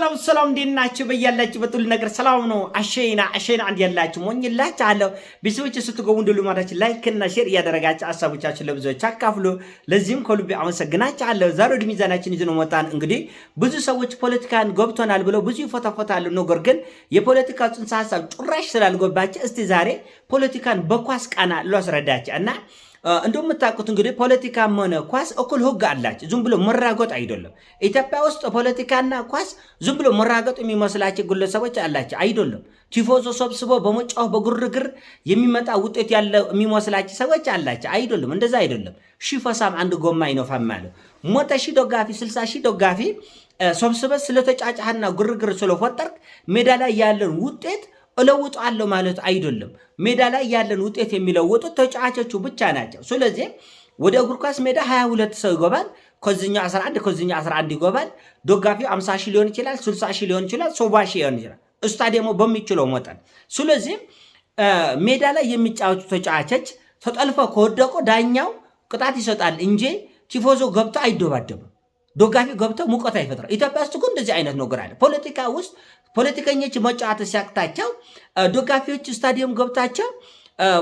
ሰላም ሰላም፣ እንዴት ናችሁ? በያላችሁበት ሁሉ ነገር ሰላም ነው። አሸይና አሸይና አንድ ያላችሁ ሞኝላችሁ አለው ቤተሰቦች ስትገቡ እንደ ልማዳችሁ ላይክ እና ሼር እያደረጋችሁ ሀሳቦቻችሁን ለብዙዎች አካፍሉ። ለዚህም ከልቤ አመሰግናችሁ አለው። ዛሬ ወደ ሚዛናችን ይዘን መጣን። እንግዲህ ብዙ ሰዎች ፖለቲካን ገብቶናል ብለው ብዙ ይፎታፎታሉ። ነገር ግን የፖለቲካ ጽንሰ ሀሳብ ጭራሽ ስላልገባችሁ እስቲ ዛሬ ፖለቲካን በኳስ ቃና ላስረዳችሁ እና እንደምታውቁት እንግዲህ ፖለቲካም ሆነ ኳስ እኩል ህግ አላቸው። ዝም ብሎ መራገጥ አይደለም። ኢትዮጵያ ውስጥ ፖለቲካና ኳስ ዝም ብሎ መራገጥ የሚመስላቸው ግለሰቦች አላቸው። አይደለም። ቲፎዞ ሰብስቦ በመጫወት በግርግር የሚመጣ ውጤት ያለ የሚመስላቸው ሰዎች አላቸው። አይደለም። እንደዛ አይደለም። ሺህ ፈሳም አንድ ጎማ አይነፋም አለ። ሞተ ሺህ ደጋፊ ስልሳ ሺ ደጋፊ ሰብስበ ስለተጫጫህና ግርግር ስለፈጠርክ ሜዳ ላይ ያለን ውጤት እለውጣለሁ ማለት አይደለም። ሜዳ ላይ ያለን ውጤት የሚለውጡት ተጫዋቾቹ ብቻ ናቸው። ስለዚህ ወደ እግር ኳስ ሜዳ 22 ሰው ይገባል። ከዚኛው 11 ከዚኛው 11 ይገባል። ደጋፊው 50 ሺህ ሊሆን ይችላል፣ 60 ሺህ ሊሆን ይችላል፣ 70 ሺህ ሊሆን ይችላል። ስታዲየሙ በሚችለው መጠን ስለዚህ ሜዳ ላይ የሚጫወቱ ተጫዋቾች ተጠልፈ ከወደቁ ዳኛው ቅጣት ይሰጣል እንጂ ቲፎዞ ገብቶ አይደባደብም። ደጋፊ ገብቶ ሙቀት አይፈጥራል። ኢትዮጵያ ውስጥ ግን እንደዚህ አይነት ነገር አለ። ፖለቲካ ውስጥ ፖለቲከኞች መጫወት ሲያቅታቸው ደጋፊዎች ስታዲየም ገብታቸው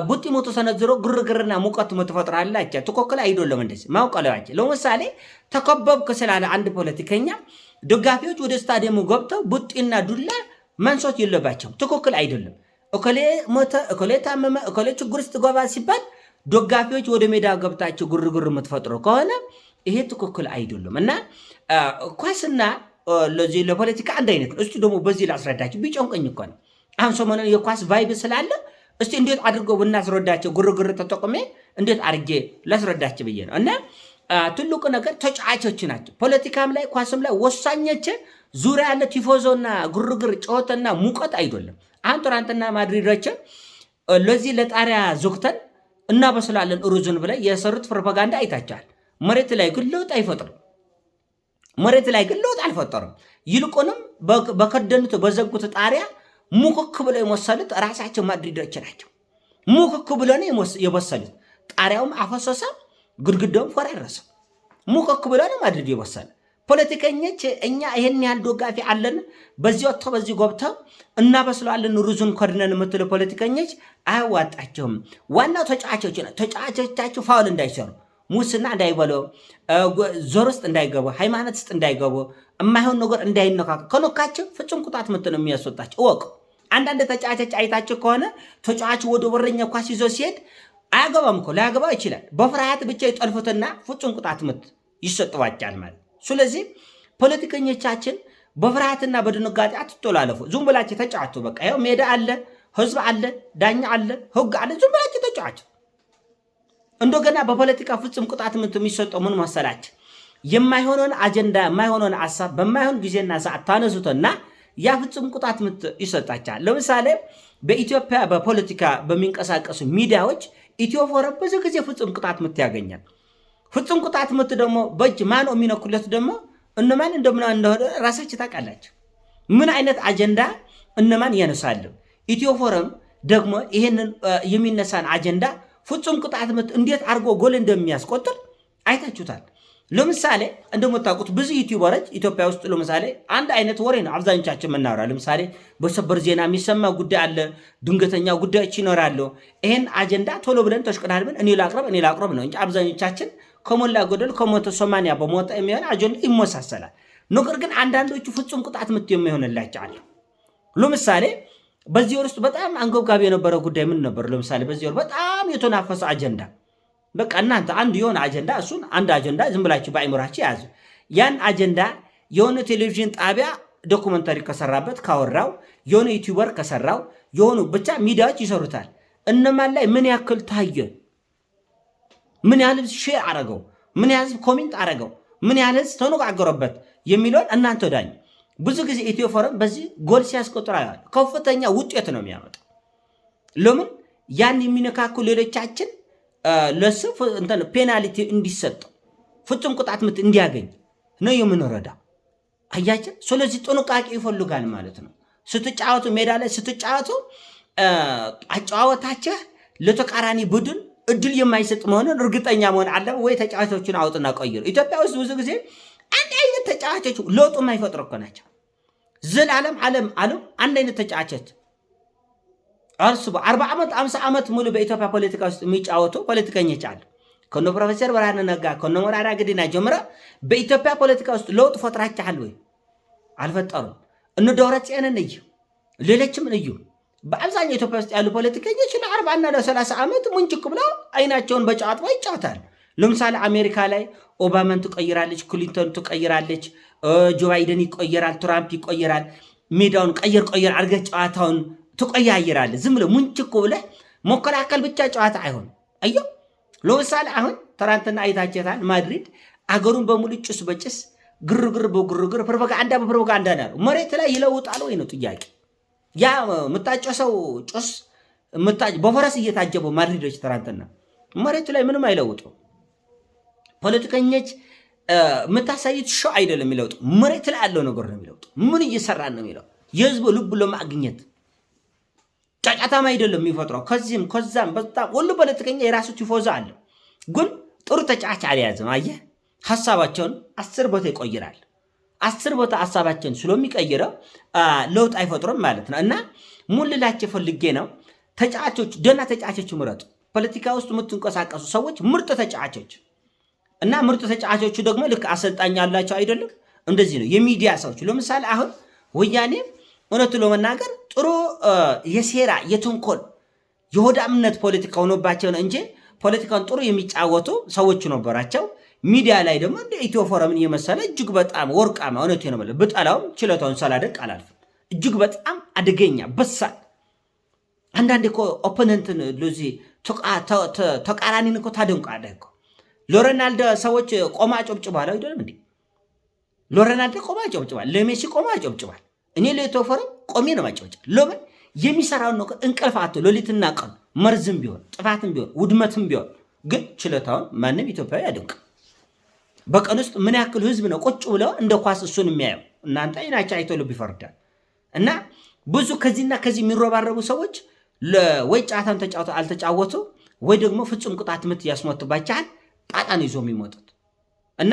ቡጢ ሞቶ ሰነዝሮ ግርግርና ሙቀት ምትፈጥራላቸው ትክክል አይደለም። እንደዚህ ማውቀለዋቸ ለምሳሌ ተከበብክ ስላለ አንድ ፖለቲከኛ ደጋፊዎች ወደ ስታዲየሙ ገብተው ቡጢና ዱላ መንሶት የለባቸውም። ትክክል አይደለም። እከሌ ሞተ፣ እከሌ ታመመ፣ እከሌ ችግር ውስጥ ገባ ሲባል ደጋፊዎች ወደ ሜዳ ገብታቸው ግርግር የምትፈጥሩ ከሆነ ይሄ ትክክል አይደለም እና ኳስና ለዚህ ለፖለቲካ አንድ አይነት ነው። እስቲ ደግሞ በዚህ ላስረዳቸው። ቢጨንቀኝ እኮ ነው አሁን ሰሞኑን የኳስ ቫይብ ስላለ እስቲ እንዴት አድርገው ብናስረዳቸው ግርግር ተጠቁሜ እንዴት አድርጌ ላስረዳቸው ብዬ ነው። እና ትልቁ ነገር ተጫዋቾች ናቸው። ፖለቲካም ላይ ኳስም ላይ ወሳኞች ዙሪያ ያለ ቲፎዞና ግርግር ጨወተና ሙቀት አይደለም። አሁን ትናንትና ረቸ ለዚህ ለጣሪያ ዞግተን እናበስላለን ሩዙን ብለ የሰሩት ፕሮፓጋንዳ አይታቸዋል። መሬት ላይ ግን ለውጥ አይፈጥርም። መሬት ላይ ግን ለውጥ አልፈጠሩም። ይልቁንም በከደኑት በዘጉት ጣሪያ ሙክክ ብሎ የመሰሉት ራሳቸው ማድሪዶች ናቸው። ሙክክ ብሎ ነው የበሰሉት። ጣሪያውም አፈሰሰ፣ ግድግዳውም ፈራረሰ። ሙክክ ብሎ ነው ማድሪድ የበሰለ። ፖለቲከኞች እኛ ይህን ያህል ደጋፊ አለን፣ በዚህ ወጥቶ በዚህ ጎብተው እናበስለዋለን ሩዙን ኮድነን የምትሉ ፖለቲከኞች አያዋጣቸውም። ዋናው ተጫዋቾች ነው። ተጫዋቾቻችሁ ፋውል እንዳይሰሩ ሙስና እንዳይበሎ ዞር ውስጥ እንዳይገቡ ሃይማኖት ውስጥ እንዳይገቡ የማይሆን ነገር እንዳይነካ ከነካቸው ፍጹም ቁጣት ምት ነው የሚያስወጣቸው። እወቅ። አንዳንድ ተጫዋቾች አይታቸው ከሆነ ተጫዋቹ ወደ በረኛ ኳስ ይዞ ሲሄድ አያገባም እኮ ላያገባ ይችላል። በፍርሃት ብቻ ይጠልፉትና ፍጹም ቁጣት ምት ይሰጥባቸዋል ማለት። ስለዚህ ፖለቲከኞቻችን በፍርሃትና በድንጋጤ አትጦላለፉ። ዝም ብላቸው ተጫዋቸው በቃ ይኸው ሜዳ አለ፣ ህዝብ አለ፣ ዳኛ አለ፣ ህግ አለ። ዝም ብላቸው ተጫዋቸው እንደገና በፖለቲካ ፍጹም ቅጣት ምት የሚሰጠው ምን መሰላች? የማይሆነውን አጀንዳ የማይሆነውን ሀሳብ በማይሆን ጊዜና ሰዓት ታነሱትና ያ ፍጹም ቅጣት ምት ይሰጣቻል። ለምሳሌ በኢትዮጵያ በፖለቲካ በሚንቀሳቀሱ ሚዲያዎች ኢትዮ ብዙ ጊዜ ፍጹም ቅጣት ምት ያገኛል። ፍጹም ቅጣት ምት ደግሞ በእጅ ማን የሚነኩለት ደግሞ እነማን እንደምና እንደሆነ ራሳችሁ ታውቃላችሁ። ምን አይነት አጀንዳ እነማን ያነሳለሁ። ኢትዮፎረም ደግሞ ይህንን የሚነሳን አጀንዳ ፍጹም ቅጣት ምት እንዴት አድርጎ ጎል እንደሚያስቆጥር አይታችሁታል። ለምሳሌ እንደምታውቁት ብዙ ዩቲዩበሮች ኢትዮጵያ ውስጥ ለምሳሌ አንድ አይነት ወሬ ነው አብዛኞቻችን የምናወራ። ለምሳሌ በሰበር ዜና የሚሰማ ጉዳይ አለ፣ ድንገተኛ ጉዳዮች ይኖራሉ። ይህን አጀንዳ ቶሎ ብለን ተሽቀዳድበን እኔ ላቅረብ እኔ ላቅረብ ነው እንጂ አብዛኞቻችን ከሞላ ጎደል ከሞተ ሶማኒያ በሞጣ የሚሆን አጀንዳ ይመሳሰላል። ነገር ግን አንዳንዶቹ ፍጹም ቅጣት ምት የሚሆንላቸው አለ። ለምሳሌ በዚህ ወር ውስጥ በጣም አንገብጋቢ የነበረ ጉዳይ ምን ነበር? ለምሳሌ በዚህ ወር በጣም የተናፈሰ አጀንዳ፣ በቃ እናንተ አንድ የሆነ አጀንዳ እሱን አንድ አጀንዳ ዝም ብላችሁ በአይምራችሁ ያዙ። ያን አጀንዳ የሆነ ቴሌቪዥን ጣቢያ ዶኩመንተሪ ከሰራበት ካወራው፣ የሆነ ዩቲዩበር ከሰራው፣ የሆኑ ብቻ ሚዲያዎች ይሰሩታል። እነማን ላይ ምን ያክል ታየ? ምን ያህል ሼር አረገው? ምን ያህል ኮሜንት አረገው? ምን ያህል ተነጋገረበት የሚለውን እናንተ ዳኝ። ብዙ ጊዜ ኢትዮ ፎረም በዚህ ጎል ሲያስቆጥር አይዋል ከፍተኛ ውጤት ነው የሚያመጣው። ለምን ያን የሚነካኩ ሌሎቻችን ለሱ ፔናልቲ እንዲሰጠው ፍጹም ቅጣት ምት እንዲያገኝ ነው የምንረዳው። አያችን። ስለዚህ ጥንቃቄ ይፈልጋል ማለት ነው። ስትጫወቱ፣ ሜዳ ላይ ስትጫወቱ አጨዋወታችህ ለተቃራኒ ቡድን እድል የማይሰጥ መሆኑን እርግጠኛ መሆን አለ ወይ? ተጫዋቾችን አውጥና ቀይሩ። ኢትዮጵያ ውስጥ ብዙ ጊዜ አንድ አይነት ተጫዋቾች ለውጡ የማይፈጥሩ እኮ ናቸው። ዘላለም ዓለም ዓለም አንድ አይነት ተጫዋቾች እርሱ በአርባ ዓመት አምሳ ዓመት ሙሉ በኢትዮጵያ ፖለቲካ ውስጥ የሚጫወቱ ፖለቲከኞች አሉ። ከነ ፕሮፌሰር ብርሃነ ነጋ ከነ መራራ ጉዲና ጀምረ በኢትዮጵያ ፖለቲካ ውስጥ ለውጥ ፈጥራችኋል ወይ? አልፈጠሩም። እነ ደብረጽዮንን እዩ፣ ሌሎችም እዩ። በአብዛኛው ኢትዮጵያ ውስጥ ያሉ ፖለቲከኞች ለአርባና ለሰላሳ ዓመት ሙንጭክ ብለው አይናቸውን በጨዋታ ይጫወታል። ለምሳሌ አሜሪካ ላይ ኦባማን ትቀይራለች፣ ክሊንተን ትቀይራለች፣ ጆ ባይደን ይቆየራል፣ ትራምፕ ይቆየራል። ሜዳውን ቀየር ቀየር አድርገህ ጨዋታውን ትቆያይራለህ። ዝም ብሎ ሙንጭኮ ብለ መከላከል ብቻ ጨዋታ አይሆን። አዮ ለምሳሌ አሁን ትናንትና አይታችታል። ማድሪድ አገሩን በሙሉ ጭስ በጭስ ግርግር በግርግር ፕሮፓጋንዳ በፕሮፓጋንዳ ነው። መሬት ላይ ይለውጣል ወይ ነው ጥያቄ። ያ የምታጨሰው ጭስ በፈረስ እየታጀበው ማድሪዶች ትናንትና መሬቱ ላይ ምንም አይለውጡም። ፖለቲከኞች የምታሳየት ሾ አይደለም የሚለውጡ መሬት ላይ ያለው ነገር ነው የሚለውጡ። ምን እየሰራ ነው የሚለው የህዝቡ ልቡ ለማግኘት ጫጫታም አይደለም የሚፈጥረው። ከዚህም ከዛም በጣም ሁሉ ፖለቲከኛ የራሱ ቲፎዞ አለ፣ ግን ጥሩ ተጫጭ አልያዝም። አየህ ሀሳባቸውን አስር ቦታ ይቆይራል። አስር ቦታ ሀሳባቸውን ስለሚቀይረው ለውጥ አይፈጥሩም ማለት ነው። እና ሙልላቸው ፈልጌ ነው ተጫዋቾች፣ ደና ተጫዋቾች ምረጡ። ፖለቲካ ውስጥ የምትንቀሳቀሱ ሰዎች ምርጥ ተጫዋቾች እና ምርጥ ተጫዋቾቹ ደግሞ ልክ አሰልጣኝ ያላቸው አይደለም። እንደዚህ ነው የሚዲያ ሰዎች። ለምሳሌ አሁን ወያኔም እውነቱ ለመናገር ጥሩ የሴራ የተንኮል የሆዳምነት ፖለቲካ ሆኖባቸው ነው እንጂ ፖለቲካን ጥሩ የሚጫወቱ ሰዎች ነበራቸው። ሚዲያ ላይ ደግሞ እንደ ኢትዮ ፎረምን የመሰለ እጅግ በጣም ወርቃማ እውነቱ ነው። ብጠላውም ችሎታውን ሳላደንቅ አላልፍም። እጅግ በጣም አደገኛ በሳል። አንዳንድ እኮ ኦፖነንትን ተቃራኒን እኮ ታደንቃለህ እኮ ሎረናልዶ ሰዎች ቆማ ጮብጭባል አይደለም እንዴ? ሎረናልዶ ቆማ ጮብጭባል፣ ለሜሲ ቆማ ጮብጭባል። እኔ ለቶፈረ ቆሜ ነው ማጨብጭ። ለምን የሚሰራውን ነው እንቅልፍ አቶ ሎሊትና ቀን መርዝም ቢሆን ጥፋትም ቢሆን ውድመትም ቢሆን ግን ችሎታውን ማንም ኢትዮጵያዊ ያደንቅ። በቀን ውስጥ ምን ያክል ህዝብ ነው ቁጭ ብለው እንደ ኳስ እሱን የሚያየው? እናንተ አይናቸው አይቶ ልብ ይፈርዳል። እና ብዙ ከዚህና ከዚህ የሚረባረቡ ሰዎች ወይ ጨዋታውን ተጫውተው አልተጫወቱ ወይ ደግሞ ፍጹም ቅጣት ምት ያስሞትባቸዋል። ጣጣን ይዞ የሚመጡት እና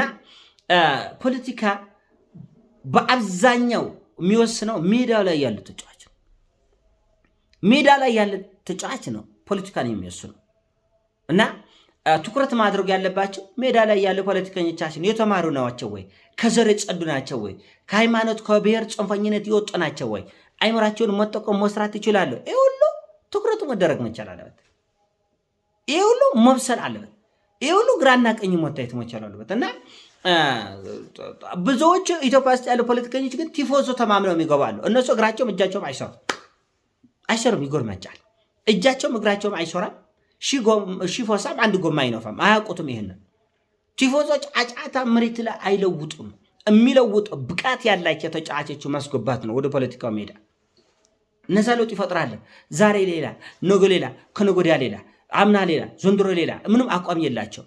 ፖለቲካ በአብዛኛው የሚወስነው ሜዳው ላይ ያለ ተጫዋች ነው። ሜዳ ላይ ያለ ተጫዋች ነው ፖለቲካን የሚወስነው እና ትኩረት ማድረግ ያለባቸው ሜዳ ላይ ያለ ፖለቲከኞቻችን የተማሩ ናቸው ወይ? ከዘር የጸዱ ናቸው ወይ? ከሃይማኖት ከብሔር ጽንፈኝነት የወጡ ናቸው ወይ? አይምራቸውን መጠቀም መስራት ይችላሉ። ይህ ሁሉ ትኩረቱ መደረግ መቻል አለበት። ይህ ሁሉ መብሰል አለበት። ይህ ሁሉ ግራና ቀኝ መታየት መቻል አለበት እና ብዙዎች ኢትዮጵያ ውስጥ ያሉ ፖለቲከኞች ግን ቲፎዞ ተማምነው የሚገባሉ። እነሱ እግራቸውም እጃቸውም አይሰሩም አይሰሩም፣ ይጎርመጫል። እጃቸውም እግራቸውም አይሰራም። ሺፎሳም አንድ ጎማ አይነፋም። አያውቁትም። ይህንን ቲፎዞች አጫታ መሬት ላይ አይለውጡም። የሚለውጡ ብቃት ያላቸው ተጫዋቾች ማስገባት ነው ወደ ፖለቲካው ሜዳ። እነዛ ለውጥ ይፈጥራለን። ዛሬ ሌላ፣ ነገ ሌላ፣ ከነገ ወዲያ ሌላ አምና ሌላ ዘንድሮ ሌላ ምንም አቋም የላቸው።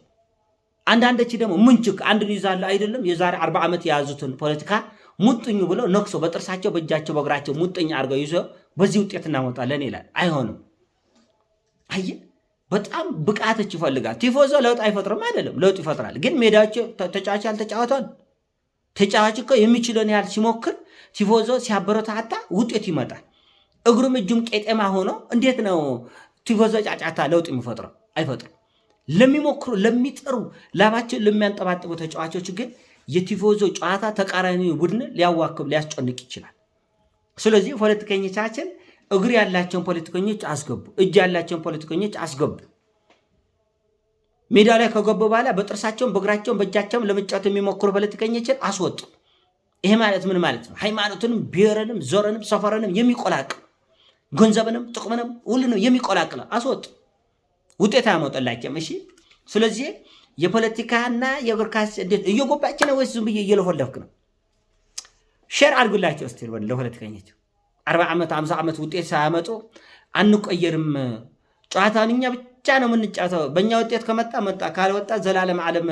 አንዳንዶች ደግሞ ምንችክ አንዱን ይዛሉ አይደለም የዛሬ አርባ ዓመት የያዙትን ፖለቲካ ሙጥኙ ብለው ነክሶ በጥርሳቸው በእጃቸው በእግራቸው ሙጥኝ አድርገው ይዞ በዚህ ውጤት እናመጣለን ይላል። አይሆንም። አየ በጣም ብቃቶች ይፈልጋል። ቲፎዞ ለውጥ አይፈጥርም አይደለም፣ ለውጥ ይፈጥራል። ግን ሜዳቸው ተጫዋች ያልተጫወተዋል ተጫዋች እኮ የሚችለውን ያህል ሲሞክር ቲፎዞ ሲያበረታታ ውጤት ይመጣል። እግሩም እጁም ቄጤማ ሆኖ እንዴት ነው ቲፎዞ ጫጫታ ለውጥ የሚፈጥረው አይፈጥሩም። ለሚሞክሩ ለሚጠሩ ላባቸው ለሚያንጠባጥቡ ተጫዋቾች ግን የቲፎዞ ጨዋታ ተቃራኒ ቡድን ሊያዋክብ ሊያስጨንቅ ይችላል። ስለዚህ ፖለቲከኞቻችን እግር ያላቸውን ፖለቲከኞች አስገቡ፣ እጅ ያላቸውን ፖለቲከኞች አስገቡ። ሜዳ ላይ ከገቡ በኋላ በጥርሳቸውም በእግራቸውም በእጃቸውም ለመጫወት የሚሞክሩ ፖለቲከኞችን አስወጡ። ይሄ ማለት ምን ማለት ነው? ሃይማኖትንም ብሔርንም ዞረንም ሰፈረንም የሚቆላቅል ገንዘብንም ጥቅምንም ሁሉንም የሚቆላቅለ አስወጡ። ውጤት አያመጣላቸውም። እሺ፣ ስለዚህ የፖለቲካና የብርካስ እንዴት እየጎባች ነው ወይስ ዝም ብዬ እየለፈለፍክ ነው? ሼር አድርጉላቸው ስ ለፖለቲከኞች። አርባ ዓመት አምሳ ዓመት ውጤት ሳያመጡ አንቆየርም። ጨዋታውን እኛ ብቻ ነው የምንጫተው። በእኛ ውጤት ከመጣ መጣ፣ ካልወጣ ዘላለም ዓለም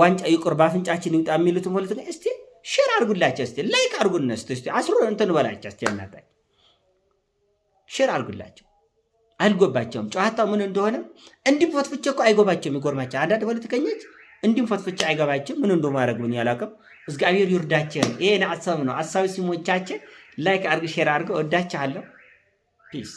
ዋንጫ ይቁር በአፍንጫችን ይውጣ የሚሉትም ፖለቲከኞች እስቲ ሼር አድርጉላቸው እስቲ ላይክ አድርጉን እስቲ አስሩ እንትን በላቸው እስቲ እናታይ ሼር አድርጉላቸው። አይልጎባቸውም። ጨዋታው ምን እንደሆነ እንዲህ ፈትፍቼ እኮ አይጎባቸውም፣ ይጎርማቸው። አንዳንድ ፖለቲከኞች እንዲሁም ፈትፍቼ አይገባቸው ምን እንደ ማድረግ ብሎኝ አላውቅም። እግዚአብሔር ይርዳችን። ይሄን አሳብ ነው። አሳዊ ሲሞቻችን ላይክ አድርግ፣ ሼር አድርገው። እወዳችኋለሁ። ፒስ